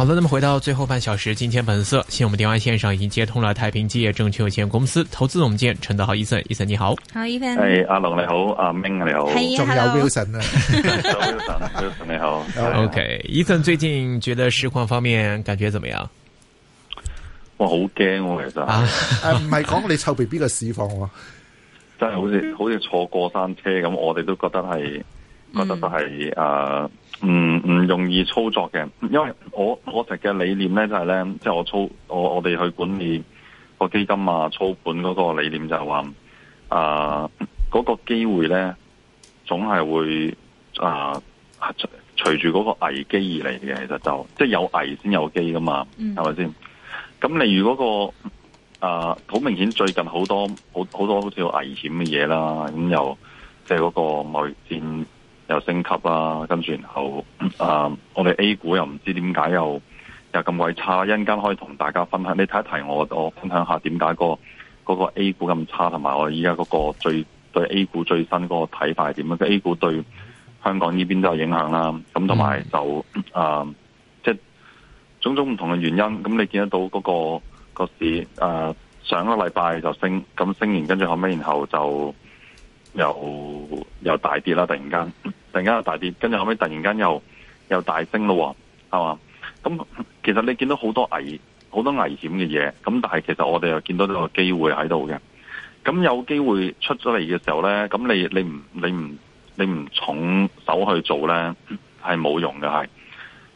好的，那麼回到最後半小時，金錢本色。現我們電話線上已經接通了太平基業證券有限公司投資總監陳德豪，Eason，Eason 你好。好，Eason。哎，阿龍你好，阿明你好。還有 Wilson 呢？Wilson，Wilson 你好。OK，Eason 最近覺得市況方面感覺怎麼樣？哇好驚喔，其實。誒、啊，唔係講你臭 BB 嘅市況、啊，真係好似好似坐過山車咁，我哋都覺得係。嗯、覺得都係誒，唔、uh, 唔容易操作嘅，因為我我哋嘅理念咧就係、是、咧，即、就、係、是、我操我我哋去管理個基金啊，操盤嗰個理念就係、是、話，誒、uh, 嗰個機會咧，總係會誒隨隨住嗰個危機而嚟嘅，其實就即係、就是、有危先有機㗎嘛，係咪先？咁例如嗰、那個誒好、uh, 明顯最近好多好多好好多好似有危險嘅嘢啦，咁又即係嗰個貿易戰。又升級啦，跟住然後啊、呃，我哋 A 股又唔知點解又又咁鬼差，一陣間可以同大家分享，你睇一提我，我分享下點解、個嗰個 A 股咁差，同埋我哋依家嗰個最對 A 股最新嗰個睇法點樣、係、？A 股對香港呢邊都有影響啦。咁同埋就啊，即、呃、係、即係、種種唔同嘅原因。咁你見得到嗰、個個市啊、呃，上個禮拜就升，咁升完跟住後尾，然後就又又大跌啦，突然間。突然間又大跌，跟住後尾突然間又又大升咯，係嘛？咁其實你見到好多危好多危險嘅嘢，咁但係其實我哋又見到呢個機會喺度嘅。咁有機會出咗嚟嘅時候咧，咁你你唔你唔你唔重手去做咧，係冇用嘅，係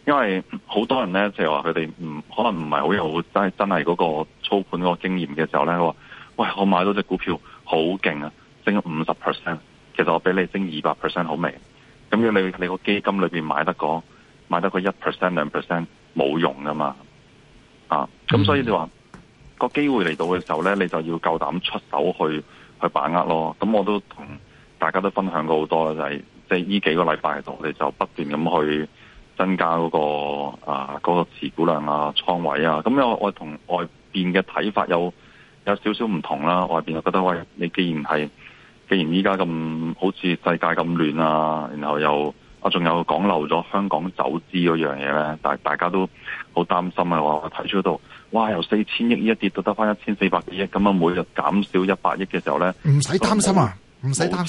因為好多人咧就係話佢哋唔可能唔係好有真係真係嗰個操盤嗰個經驗嘅時候咧，佢話喂，我買到隻股票好勁啊，升五十 percent，其實我比你升二百 percent 好未？咁樣你你個基金裏邊買得個買得個一 percent 兩 percent 冇用噶嘛啊！咁所以你話個機會嚟到嘅時候咧，你就要夠膽出手去去把握咯。咁我都同大家都分享過好多啦，就係即係呢幾個禮拜度，你就不斷咁去增加嗰個啊嗰個持股量啊、倉位啊。咁我同外邊嘅睇法有有少少唔同啦，外邊又覺得喂、哎，你既然係。既然依家咁好似世界咁亂啊，然後又啊，仲有講漏咗香港走資嗰樣嘢咧，大家大家都好擔，擔心啊！我提出到，哇由四千億一跌到得翻一千四百幾億，咁啊每日減少一百億嘅時候咧，唔使擔心啊，唔使錢擔、啊、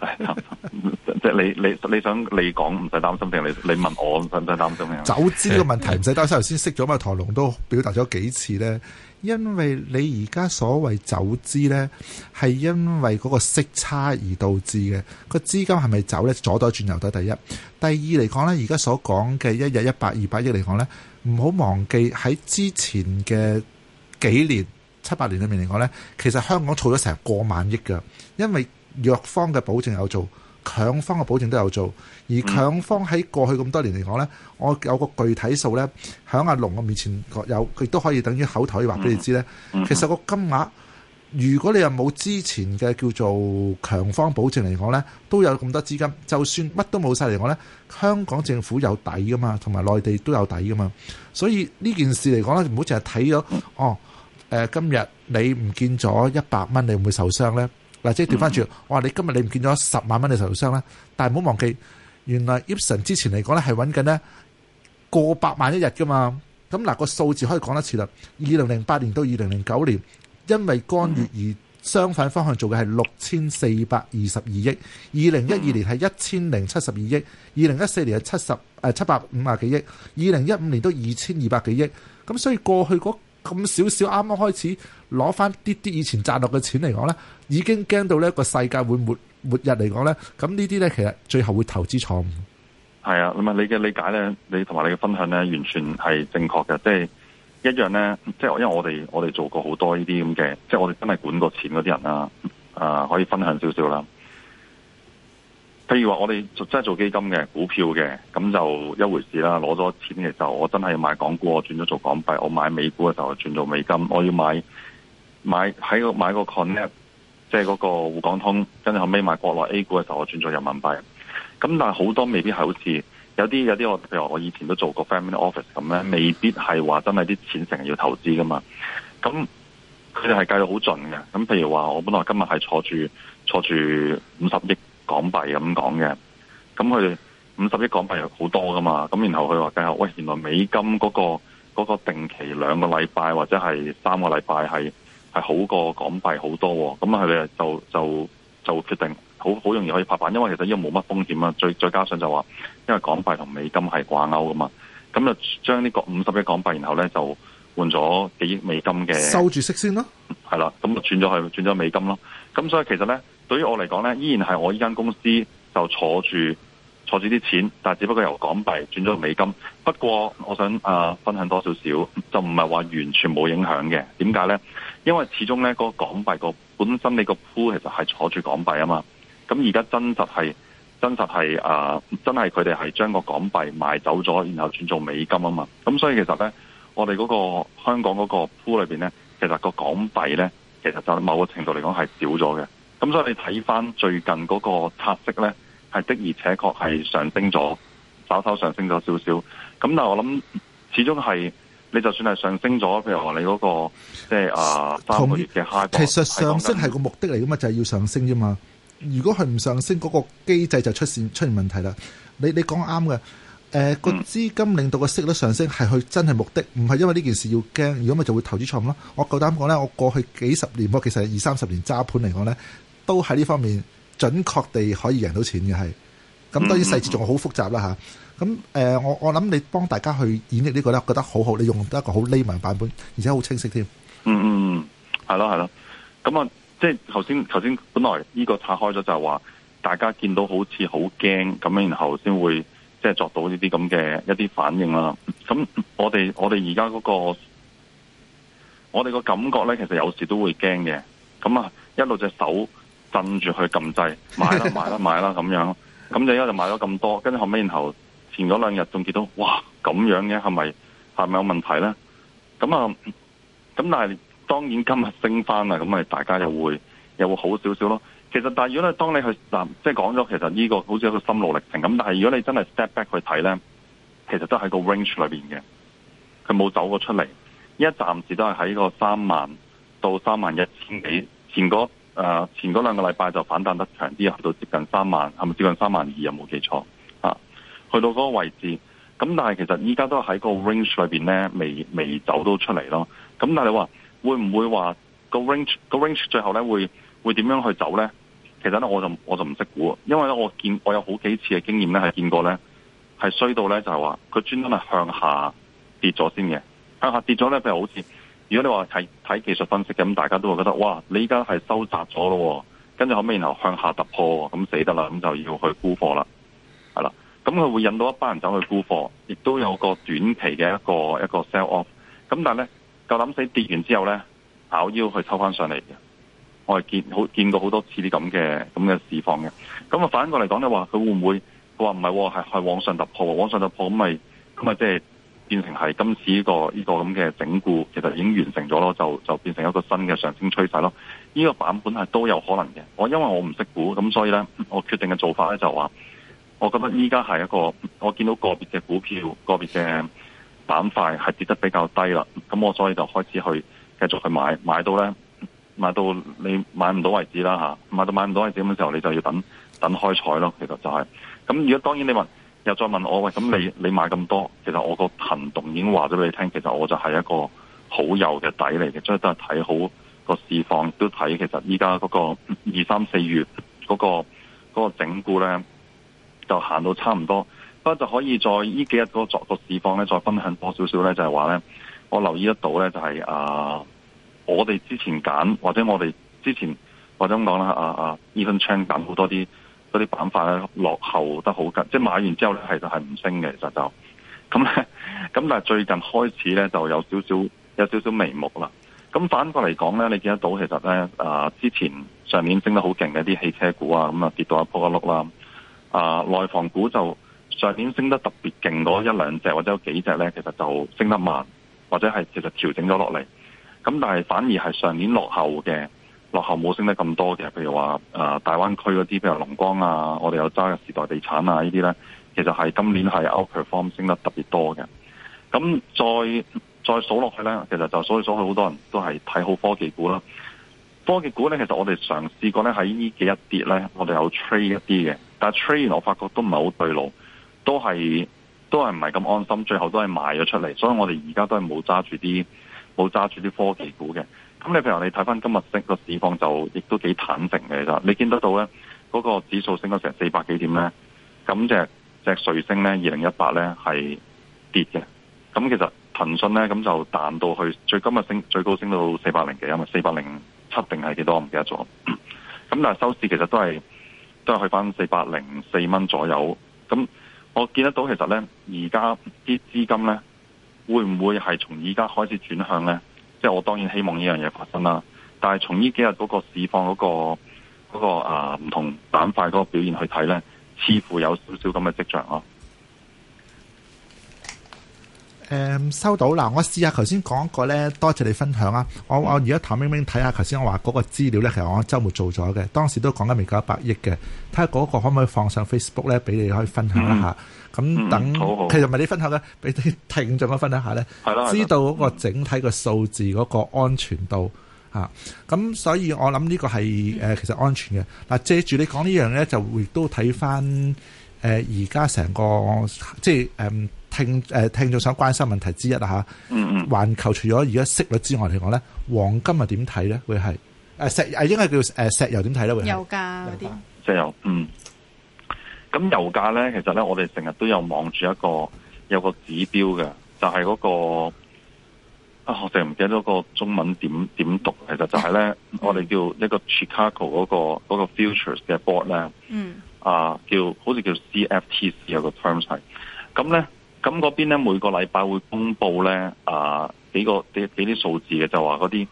擔心，即係你你你想你講唔使擔心，定係你你問我想唔使擔心咧？走資呢個問題唔使擔心。頭先的識咗嘛，唐龍都表達咗幾次咧。因為你而家所謂走資呢，係因為嗰個息差而導致嘅。個資金係咪走呢？左袋轉右袋，第一。第二嚟講呢，而家所講嘅一日一百二百億嚟講呢，唔好忘記喺之前嘅幾年，七八年裏面嚟講呢，其實香港儲咗成過萬億噶，因為藥方嘅保證有做。強方嘅保證都有做，而強方喺過去咁多年嚟講呢，我有個具體數呢，喺阿龍嘅面前有，佢都可以等於口頭話俾你知呢。其實個金額，如果你又冇之前嘅叫做強方保證嚟講呢，都有咁多資金。就算乜都冇晒嚟講呢，香港政府有底噶嘛，同埋內地都有底噶嘛。所以呢件事嚟講呢，唔好淨係睇咗哦。呃，今日你唔見咗一百蚊，你會唔會受傷呢？嗱，即係調翻轉，我話、嗯、你今日你唔見咗十萬蚊嘅受挫商啦，但係唔好忘記，原來 Epson 之前嚟講咧係搵緊呢過百萬一日噶嘛，咁、那、嗱個數字可以講一次啦。二零零八年到二零零九年，因為干預而相反方向做嘅係六千四百二十二億，二零一二年係一千零七十二億，二零一四年係七十誒七百五啊幾億，二零一五年都二千二百幾億，咁所以過去嗰。咁少少啱啱開始攞翻啲啲以前賺落嘅錢嚟講咧，已經驚到呢個世界會末末日嚟講咧，咁呢啲咧其實最後會投資錯誤。係啊，咁啊，你嘅理解咧，你同埋你嘅分享咧，完全係正確嘅，即係一樣咧，即係因為我哋我哋做過好多呢啲咁嘅，即係我哋真係管過錢嗰啲人啊，啊可以分享少少啦。譬如話我哋做真係做基金嘅、股票嘅，咁就一回事啦。攞咗錢嘅時候，我真係要買港股，我轉咗做港幣，我買美股嘅時候轉做美金；我要買買喺個買個 connect，即係個滬港通，跟住後尾買國內 A 股嘅時候，我轉咗人民幣。咁但係好多未必係好似有啲有啲我譬如話，我以前都做過 family office 咁咧，未必係話真係啲錢成日要投資噶嘛。咁佢哋係計到好盡嘅。咁譬如話，我本來今日係坐住坐住五十億。港幣咁講嘅，咁佢哋五十億港幣又好多噶嘛？咁然後佢話：咁啊，喂，原來美金嗰個嗰個定期兩個禮拜或者係三個禮拜係係好過港幣好多，咁佢哋就就就決定好好容易可以拍板，因為其實因為冇乜風險啊，再加上就話因為港幣同美金係掛鈎噶嘛，咁就將呢個五十億港幣，然後咧就換咗幾億美金嘅收住息先咯，係啦，咁就轉咗去轉咗美金咯，咁所以其實咧。對於我嚟講咧，依然係我依間公司就坐住坐住啲錢，但係只不過由港幣轉咗美金。不過我想啊，分享多少少，就唔係話完全冇影響嘅。點解咧？因為始終咧，個港幣個本身你個鋪其實係坐住港幣啊嘛。咁而家真實係真實係啊、呃，真係佢哋係將個港幣賣走咗，然後轉做美金啊嘛。咁所以其實咧，我哋嗰個香港嗰個鋪裏邊咧，其實個港幣咧，其實就某個程度嚟講係少咗嘅。咁所以你睇翻最近嗰個拆息咧，係的而且確係上升咗，稍稍上升咗少少。咁但我諗，始終係你就算係上升咗，譬如話你嗰、那個即係啊三個月嘅 high，其實上升係個目的嚟㗎嘛，就係、是、要上升啫嘛。如果佢唔上升，嗰、那個機制就出現出現問題啦。你你講啱嘅，誒、呃、個、嗯、資金令到個息率上升係佢真係目的，唔係因為呢件事要驚。如果咪就會投資錯誤咯。我夠膽講咧，我過去幾十年，我其實係二三十年揸盤嚟講咧。都喺呢方面準確地可以贏到錢嘅係，咁當然細節仲係好複雜啦吓，咁誒、嗯啊呃，我我諗你幫大家去演繹呢、這個咧，我覺得好好，你用得一個好匿埋版本，而且好清晰添、嗯。嗯嗯，係咯係咯。咁啊，即係頭先頭先，本來呢個拆開咗就話，大家見到好似好驚咁樣，然後先會即係作到呢啲咁嘅一啲反應啦。咁我哋我哋而家嗰個，我哋個感覺咧，其實有時都會驚嘅。咁啊，一路隻手，震住去撳掣，買啦買啦買啦咁樣，咁而家就買咗咁多，跟住後尾然後前嗰兩日仲見到哇咁樣嘅，係咪係咪有問題咧？咁、嗯、啊，咁、嗯嗯、但係當然今日升翻啦，咁咪大家又會又會好少少咯。其實但係如果咧，當你去、啊、即係講咗其實呢個好似一個心路歷程咁，但係如果你真係 step back 去睇咧，其實都喺個 range 裏邊嘅，佢冇走過出嚟，依一暫時都係喺個三萬到三萬一千幾前嗰。誒前嗰兩個禮拜就反彈得長啲，去到接近三萬，係咪接近三萬二？有冇記錯？去到嗰個位置，咁但係其實依家都喺個 range 裏面咧，未未走到出嚟咯。咁但係你話會唔會話個 range 個 range 最後咧會會點樣去走咧？其實咧，我就我就唔識估，因為咧我見我有好幾次嘅經驗咧係見過咧係衰到咧就係話佢專登係向下跌咗先嘅，向下跌咗咧就係好似。如果你話睇睇技術分析嘅，咁大家都會覺得哇，你依家係收窄咗咯，跟住後尾然後向下突破，咁死得啦，咁就要去沽貨啦，係啦，咁佢會引到一班人走去沽貨，亦都有個短期嘅一個一個 sell off，咁但係咧，夠膽死跌完之後咧，咬腰去抽翻上嚟嘅，我係見好見過好多次啲咁嘅咁嘅市況嘅，咁啊反過嚟講，你話佢會唔會？佢話唔係喎，係係往上突破，往上突破咁咪咁啊即係。就是變成係今次呢個呢個咁嘅整固，其實已經完成咗，就就變成一個新嘅上升趨勢咯。呢個版本係都有可能嘅。我因為我唔識估，咁所以呢，我決定嘅做法呢就話、是，我覺得依家係一個我見到個別嘅股票、個別嘅板塊係跌得比較低啦。咁我所以就開始去繼續去買，買到呢，買到你買唔到為止啦吓，買到買唔到為止嘅時候，你就要等等開彩咯。其實就係、是、咁。那如果當然你問，又再問我喂，咁你你買咁多，其實我個行動已經話咗俾你聽，其實我就係一個很的的、就是、好幼嘅底嚟嘅，所以都係睇好個市況，都睇其實依家嗰個二三四月嗰、嗰個嗰個整固咧，就行到差唔多，不過就可以再呢幾日嗰個個市況咧，再分享多少少咧，就係話咧，我留意得到咧，就係、是、啊，我哋之前揀或者我哋之前或者咁講啦，啊啊，Even Chan 揀好多啲。嗰啲板塊落後得好緊，即係買完之後咧，其實就係唔升嘅，其實就咁咧。咁但係最近開始咧，就有少少有少少眉目啦。咁反過嚟講咧，你見得到其實咧，啊、呃、之前上年升得好勁嘅啲汽車股啊，咁啊跌到一仆一碌啦。啊、呃、內房股就上年升得特別勁嗰一兩隻或者有幾隻咧，其實就升得慢，或者係其實調整咗落嚟。咁但係反而係上年落後嘅。落後冇升得咁多嘅，譬如話誒、呃、大灣區嗰啲，譬如龍光啊，我哋有揸嘅時代地產啊呢啲咧，其實係今年係 outperform 升得特別多嘅。咁再再數落去咧，其實就數嚟數去，好多人都係睇好科技股啦。科技股咧，其實我哋嘗試過咧喺呢幾一跌咧，我哋有 trade 一啲嘅，但係 trade 我發覺都唔係好對路，都係都係唔係咁安心，最後都係賣咗出嚟，所以我哋而家都係冇揸住啲冇揸住啲科技股嘅。咁你譬如你睇翻今日升個市況，就亦都幾坦靜嘅。其實你見得到咧嗰、那個指數升咗成四百幾點咧，咁隻隻瑞星咧二零一八咧係跌嘅，咁其實騰訊咧咁就彈到去最今日升最高升到四百零幾，因為四百零七定係幾多我唔記得咗。咁但係收市其實都係都係去翻四百零四蚊左右。咁我見得到其實咧而家啲資金咧會唔會係從而家開始轉向咧？即係我當然希望呢樣嘢發生啦，但係從呢幾日嗰個市況嗰個啊唔、嗰個、同板塊嗰個表現去睇咧，似乎有少少咁嘅跡象咯。誒、嗯、收到啦！我試下頭先講過咧，多謝你分享啊、嗯！我我而家譚明明睇下頭先我話嗰個資料咧，其實我周末做咗嘅，當時都講緊未夠一百億嘅。睇下嗰個可唔可以放上 Facebook 咧，俾你可以分享一下。咁、嗯、等，嗯、好好其實唔係你分享嘅，俾你聽眾分享下咧。係咯了，知道嗰個整體個數字嗰個安全度吓咁所以我，我諗呢個係其實安全嘅嗱。借、呃、住你講呢樣咧，就會都睇翻而家成個、呃、即係、呃聽誒聽眾所關心問題之一啦吓，環、嗯嗯、球除咗而家息率之外嚟講咧，黃金係點睇咧？會係誒石誒應該叫誒石油點睇咧？會油價石油嗯，咁油價咧，其實咧我哋成日都有望住一個有一個指標嘅，就係、是、嗰、那個啊我哋唔記得嗰個中文點點讀，其實就係咧、嗯、我哋叫個、那個那個、呢、嗯啊、叫叫個 Chicago 嗰個嗰個 Futures 嘅 board 咧，嗯啊叫好似叫 CFTC 有個 term 係，咁咧。咁嗰邊咧，每個禮拜會公佈咧，啊幾個幾啲數字嘅，就話嗰啲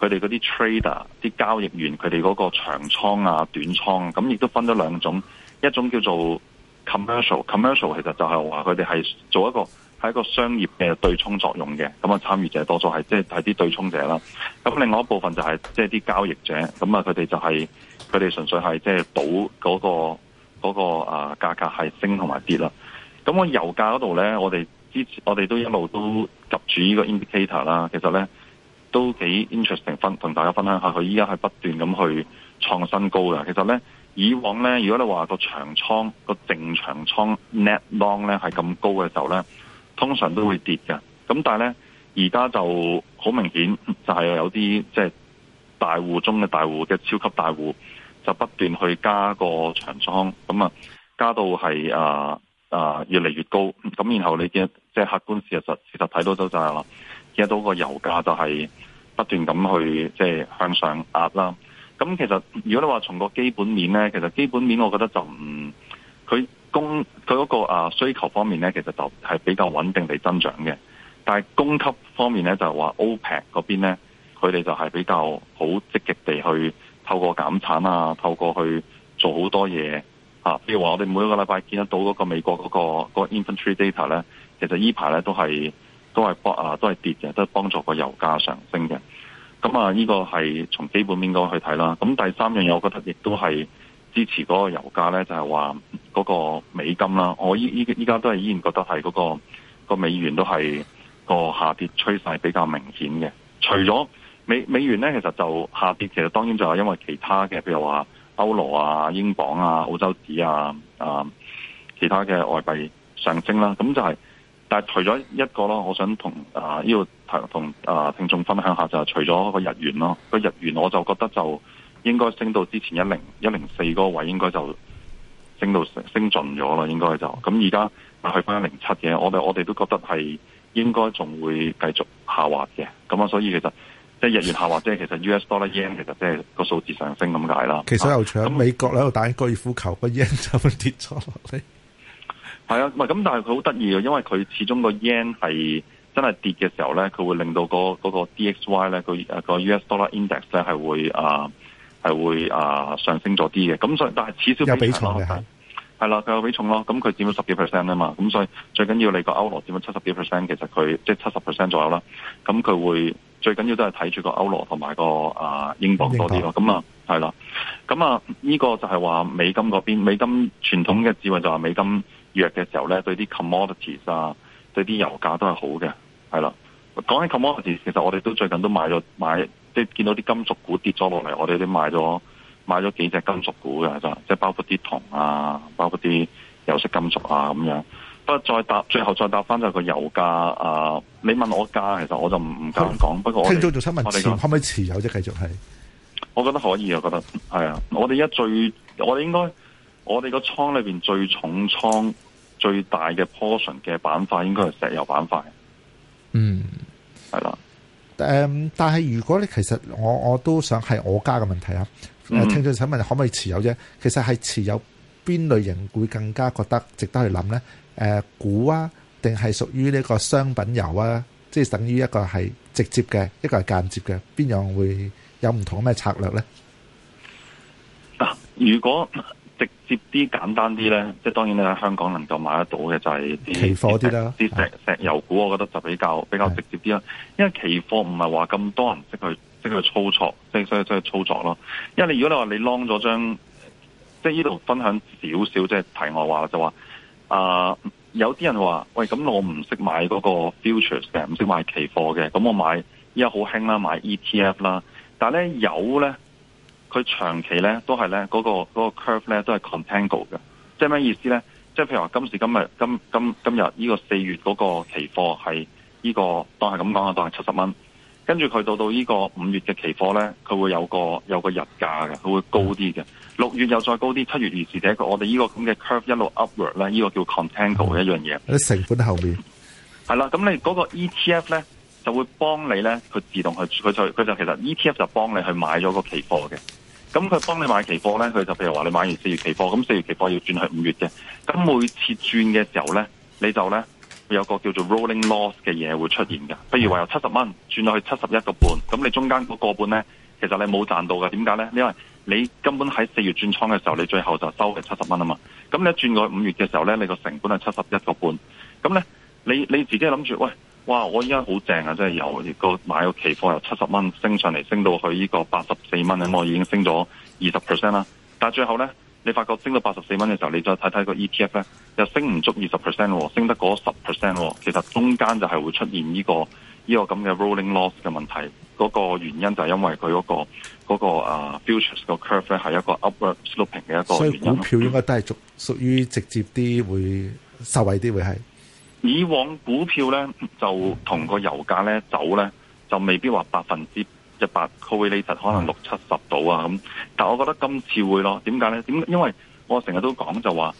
佢哋嗰啲 trader 啲交易員佢哋嗰個長倉啊短倉，咁亦都分咗兩種，一種叫做 commercial，commercial 其實就係話佢哋係做一個係一個商業嘅對沖作用嘅，咁啊參與者多數係即係係啲對沖者啦。咁另外一部分就係即係啲交易者，咁啊佢哋就係佢哋純粹係即係賭嗰個嗰個啊價格係升同埋跌啦。咁我油價嗰度咧，我哋之前我哋都一路都及住呢個 indicator 啦。其實咧都幾 interesting 分同大家分享下，佢依家係不斷咁去創新高嘅。其實咧以往咧，如果你話個長倉個淨長倉 net long 咧係咁高嘅時候咧，通常都會跌嘅。咁但係咧而家就好明顯就係、是、有啲即係大戶中嘅大戶嘅、就是、超級大戶就不斷去加個長倉，咁啊加到係啊～、呃啊，越嚟越高，咁然後你嘅即係客觀事實，事實睇到都就係、係、啦，見到個油價就係不斷咁去即係、就係、向上壓啦。咁其實如果你話從個基本面咧，其實基本面我覺得就唔，佢供佢嗰個啊需求方面咧，其實就係比較穩定地增長嘅。但係供給方面咧，就係話 OPEC 嗰邊咧，佢哋就係比較好積極地去透過減產啊，透過去做好多嘢。啊，譬如話我哋每一個禮拜見得到嗰個美國嗰、嗰個、嗰個 infantry data 咧，其實依排咧都係都係啊都係跌嘅，都幫助個油價上升嘅。咁、嗯、啊，呢、呢個係從基本面嗰去睇啦。咁第三樣嘢，我覺得亦都係支持嗰個油價咧，就係話嗰個美金啦。我依依依家都係依然覺得係嗰、嗰個個美元都係個下跌趨勢比較明顯嘅。除咗美美元咧，其實就下跌，其實當然就係因為其他嘅，譬如話。歐羅啊、英鎊啊、澳洲紙啊、啊其他嘅外幣上升啦，咁就係、是，但係除咗一個咯，我想同啊呢個同同啊聽眾分享下就係、是、除咗個日元咯，個日元我就覺得就應該升到之前一零一零四個位應該就升到升盡咗啦，應該就，咁而家去返一零七嘅，我哋我哋都覺得係應該仲會繼續下滑嘅，咁啊所以其實。即係日元下，或者其實 US dollar yen 其實即係個數字上升咁解啦。其實又搶，美國咧喺度打高爾夫球，個 yen 就跌咗落嚟。係啊，唔係咁，但係佢好得意啊，因為佢始終個 yen 係真係跌嘅時候咧，佢會令到個嗰個 DXY 咧，佢個 US dollar index 咧係會啊係會啊上升咗啲嘅。咁所以但係至少有比重嘅，係啦，佢有比重咯。咁佢佔咗十幾 percent 啊嘛。咁所以最緊要你個歐羅佔咗七十幾 percent，其實佢即係七十 percent 左右啦。咁佢會。最緊要都係睇住個歐羅同埋個啊英鎊多啲咯，咁啊係啦，咁啊呢個就係話美金嗰邊，美金傳統嘅智慧就話美金弱嘅時候咧，對啲 commodities 啊，對啲油價都係好嘅，係啦。講起 commodities，其實我哋都最近都買咗買，即係見到啲金屬股跌咗落嚟，我哋都買咗買咗幾隻金屬股㗎咋，即係包括啲銅啊，包括啲有色金屬啊咁樣。再答，最後再答翻就係個油價啊！你問我加，其實我就唔敢講。聽 不過聽早做，請問可可唔可以持有啫？繼續係，我覺得可以啊。我覺得係啊。我哋一最，我哋應該，我哋個倉裏邊最重倉、最大嘅 portion 嘅板塊，應該係石油板塊。嗯，係啦。誒，但係如果你，其實我我都想係我家嘅問題、嗯、啊。聽早請問可唔可以持有啫？其實係持有。邊類型會更加覺得值得去諗咧？誒、呃，股啊，定係屬於呢一個商品油啊，即係等於一個係直接嘅，一個係間接嘅，邊樣會有唔同咩策略咧？嗱，如果直接啲、簡單啲咧，即係當然你喺香港能夠買得到嘅就係期貨啲啦，啲石是的 石油股，我覺得就比較比較直接啲啦。是的 因為期貨唔係話咁多人識去識去操作，識識識去操作咯。因為你如果你話你 long 咗張。即係呢度分享少少即係題外話，就話啊、呃，有啲人話喂，咁我唔識買嗰個 futures 嘅，唔識買期貨嘅，咁我買依家好興啦，買 ETF 啦，但係咧有咧，佢長期咧都係咧嗰個、嗰個、curve 咧都係 contango 嘅，即係咩意思咧？即係譬如話今時今日今今今日呢個四月嗰個期貨係呢個當係咁講啊，當係七十蚊。跟住佢到到呢個五月嘅期貨咧，佢會有個有個日價嘅，佢會高啲嘅。嗯、六月又再高啲，七月如是者，我哋呢個咁嘅 curve 一路 upward 咧，呢個叫 contango、嗯、一樣嘢。成本後面係啦，咁你嗰個 ETF 咧就會幫你咧，佢自動去佢就佢就其實 ETF 就幫你去買咗個期貨嘅。咁佢幫你買期貨咧，佢就譬如話你買完四月期貨，咁四月期貨要轉去五月嘅，咁每次轉嘅時候咧，你就咧。有個叫做 rolling loss 嘅嘢會出現㗎，譬如話由七十蚊轉到去七十一個半，咁你中間嗰個半呢，其實你冇賺到㗎，點解呢？因為你根本喺四月轉倉嘅時候，你最後就收係七十蚊啊嘛。咁你一轉過五月嘅時候呢，你個成本係七十一個半，咁呢，你你自己諗住，喂，哇！我依家好正啊，即係由個買個期貨由七十蚊升上嚟，升到去呢個八十四蚊，咁我已經升咗二十 percent 啦。但係最後呢……你發覺升到八十四蚊嘅時候，你再睇睇個 ETF 咧，又升唔足二十 percent 喎，升得嗰十 percent 喎，其實中間就係會出現呢個呢個咁嘅 rolling loss 嘅問題。嗰個原因就係因為佢嗰個嗰個啊 futures 個 curve 咧係一個 upward sloping 嘅一個，所以股票應該都係屬屬於直接啲會受惠啲會係。以往股票咧就同個油價咧走咧就未必話百分之。就百 c o v a l 可能六七十度啊，咁但我覺得今次會咯，點解咧？點因為我成日都講就話，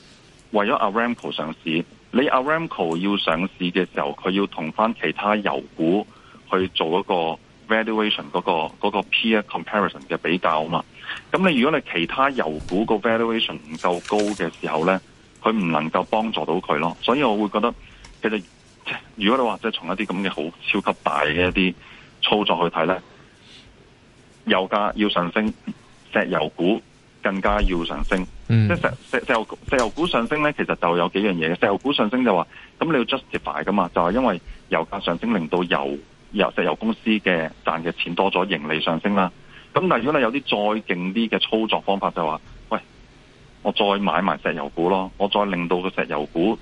為咗阿 Ramco 上市，你阿 Ramco 要上市嘅時候，佢要同翻其他油股去做一個 valuation 嗰、個嗰、個 peer comparison 嘅比較啊嘛。咁你如果你其他油股個 valuation 唔夠高嘅時候咧，佢唔能夠幫助到佢咯，所以我會覺得其實，如果你話即係從一啲咁嘅好超級大嘅一啲操作去睇咧。油價要上升，石油股更加要上升。即、嗯、石石油石油股上升咧，其實就有幾樣嘢。石油股上升就話、是，咁你要 justify 噶嘛？就係、是、因為油價上升，令到油油石油公司嘅賺嘅錢多咗，盈利上升啦。咁，但如果你有啲再勁啲嘅操作方法，就話、是，喂，我再買埋石油股咯，我再令到個石油股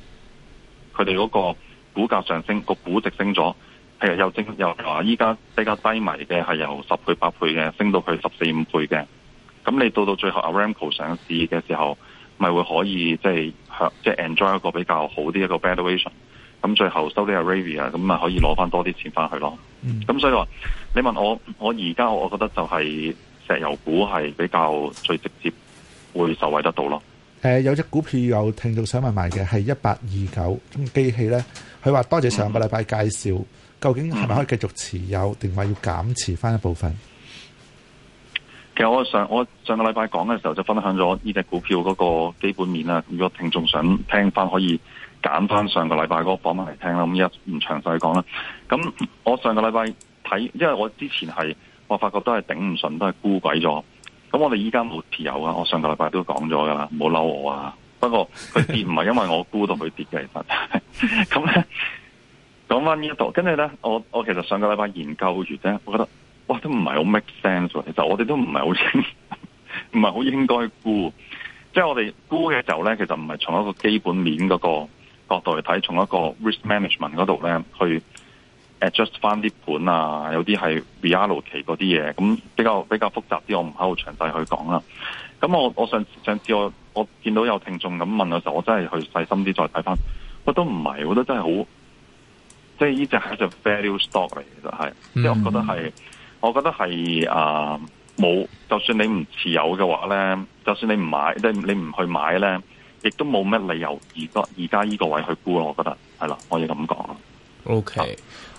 佢哋嗰個股價上升，個股值升咗。那個係啊，又升又話，依家比較低迷嘅係由十倍八倍嘅升到去十四五倍嘅，咁你到到最後 Aramco 上市嘅時候，咪會可以即係即係 enjoy 一個比較好啲一,一個 valuation，咁最後收啲 Arabia，咁咪可以攞翻多啲錢翻去咯。咁、嗯、所以話，你問我，我而家我覺得就係石油股係比較最直接會受惠得到咯。誒、嗯、有一隻股票有聽眾想問賣嘅係一八二九機器咧，佢話多謝上個禮拜介紹，究竟係咪可以繼續持有，定係要減持翻一部分？其實我上我上個禮拜講嘅時候就分享咗呢隻股票嗰個基本面啦。如果聽眾想聽翻，可以揀翻上，上個禮拜嗰個訪問嚟聽啦。咁一唔詳細講啦。咁我上個禮拜睇，因為我之前係我發覺都係頂唔順，都係沽鬼咗。咁我哋依家冇持有啊！我上個禮拜都講咗噶啦，唔好嬲我啊！不過佢跌唔係因為我沽到佢跌嘅。其實咁咧，講翻呢一度，跟住咧，我我其實上個禮拜研究完咧，我覺得哇，都唔係好 make sense 其、就是。其實我哋都唔係好清，唔係好應該沽，即係我哋沽嘅時候咧，其實唔係從一個基本面嗰個角度嚟睇，從一個 risk management 嗰度咧去。adjust 翻啲盤啊，有啲係 value 期嗰啲嘢，咁比較比較複雜啲，我唔喺度詳細去講啦。咁我我上次我我見到有聽眾咁問嘅時候，我真係去細心啲再睇翻。佢都唔係，我都真係好，即係呢只係一隻 value stock 嚟嘅，就係、是。即係、嗯、我覺得係，我覺得係啊，冇、呃。就算你唔持有嘅話咧，就算你唔買，你你唔去買咧，亦都冇咩理由而家而家呢個位去估咯。我覺得係啦，可以咁講咯。OK。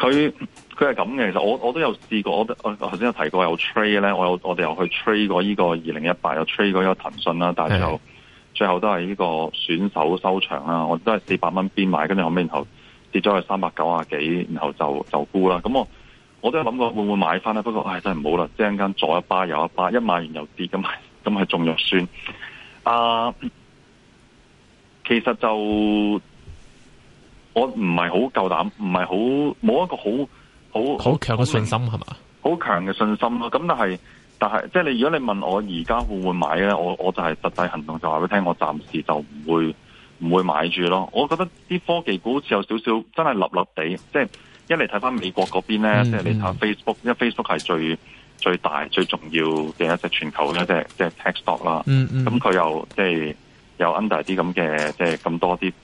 佢佢係咁嘅，其實我我都有試過，我我頭先有提過有 trade 咧，我有我哋又去 trade 過呢個二零一八，有 trade 過呢個騰訊啦，但係就最後，的最後都係呢個選手收場啦，我都係四百蚊邊買，跟住後尾跌咗去三百九啊幾，然後就就沽啦。咁我我都諗過會唔會買翻咧，不過唉、哎、真係唔好啦，即係間左一巴右一巴，一買完又跌，咁咁係中藥酸啊。其實就。我唔係好夠膽，唔係好冇一個好好好強嘅信心係嘛？好強嘅信心咯。咁但係，但係即係你，如果你問我而家會唔會買咧，我我就係實際行動就話俾你聽，我暫時就唔會唔會買住咯。我覺得啲科技股好似有少少真係立立地，即係一嚟睇翻美國嗰邊咧，即係、嗯、你睇 Facebook，、嗯、因為 Facebook 係最最大最重要嘅一隻全球嘅一隻即係 tech stock 啦。嗯嗯，咁佢又即係。有 under 啲咁嘅，即係咁多啲批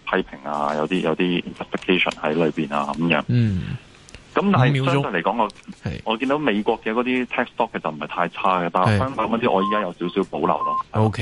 評啊，有啲有啲 i speculation 喺裏邊啊，咁樣。嗯，咁但係相對嚟講，我是我見到美國嘅嗰啲 text doc 嘅就唔係太差嘅，但係香港啲我依家有少少保留咯。O K 是。